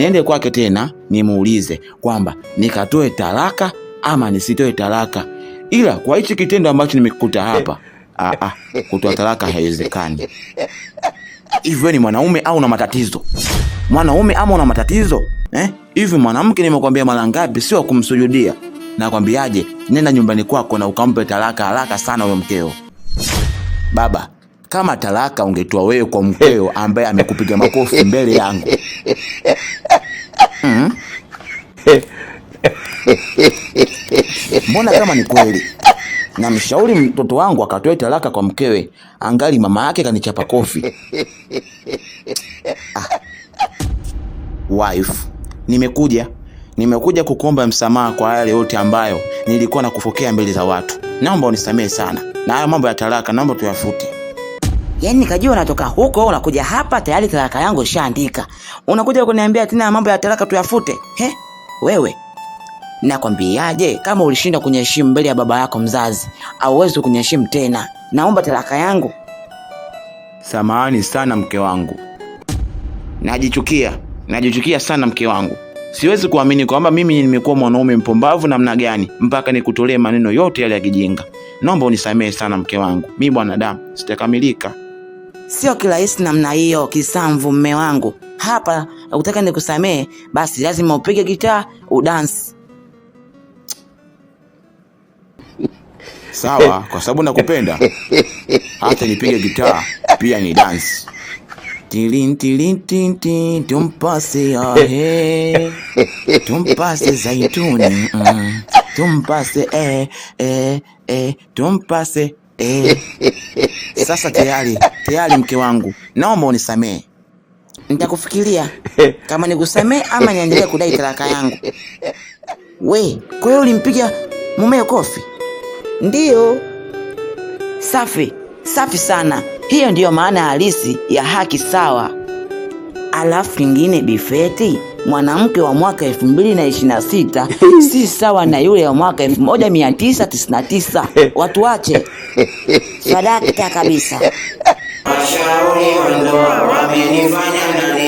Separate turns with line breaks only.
niende kwake tena nimuulize kwamba nikatoe talaka ama nisitoe talaka, ila kwa hichi kitendo ambacho nimekuta hapa kutoa talaka haiwezekani.
Hivyo ni mwanaume au una matatizo? Mwanaume ama una matatizo eh, hivi eh? Mwanamke nimekwambia mara ngapi sio kumsujudia? Nakwambiaje, nenda nyumbani kwako na ukampe talaka haraka sana huyo mkeo.
Baba kama talaka ungetoa wewe kwa mkeo ambaye amekupiga makofi mbele yangu mm? Mbona kama ni kweli, namshauri mtoto wangu akatoe talaka kwa mkewe, angali mama yake kanichapa kofi. Ah. Wife, nimekuja nimekuja kukuomba msamaha kwa yale yote ambayo nilikuwa nakufokea mbele za watu. Naomba unisamehe sana, na hayo mambo ya talaka naomba tuyafute.
Yaani nikajua unatoka huko unakuja hapa tayari talaka yangu ishaandika. Unakuja kuniambia tena mambo ya talaka tuyafute. He? Wewe nakwambiaje? Kama ulishinda kunyeshimu mbele ya baba yako mzazi, hauwezi kunyeshimu tena. Naomba talaka yangu.
Samahani sana mke wangu, najichukia, najichukia sana mke wangu. Siwezi kuamini kwamba mimi nimekuwa mwanaume mpumbavu namna gani mpaka nikutolee maneno yote yale ya kijinga. Naomba unisamehe sana mke wangu, mi bwanadamu sitakamilika.
Sio kirahisi namna hiyo, Kisamvu mme wangu. Hapa utaka nikusamee, basi lazima upige gitaa udansi.
Sawa, kwa sababu nakupenda, hata nipige gitaa pia ni dansi. Tilin tilin tin tin tumpase ahe tumpase zaituni mm. tumpase eh eh eh tumpase Eh, sasa tayari tayari, mke wangu, naomba unisamehe.
Nitakufikiria kama nikusamehe ama niendelee kudai talaka yangu. We, kwa hiyo ulimpiga mumeo kofi? Ndiyo. Safi, safi sana. Hiyo ndiyo maana halisi ya haki sawa. Alafu nyingine Bifeti mwanamke wa mwaka 2026 si sawa na yule wa mwaka 1999. Watu wache sadakta kabisa. Washauri wa ndoa wamenifanya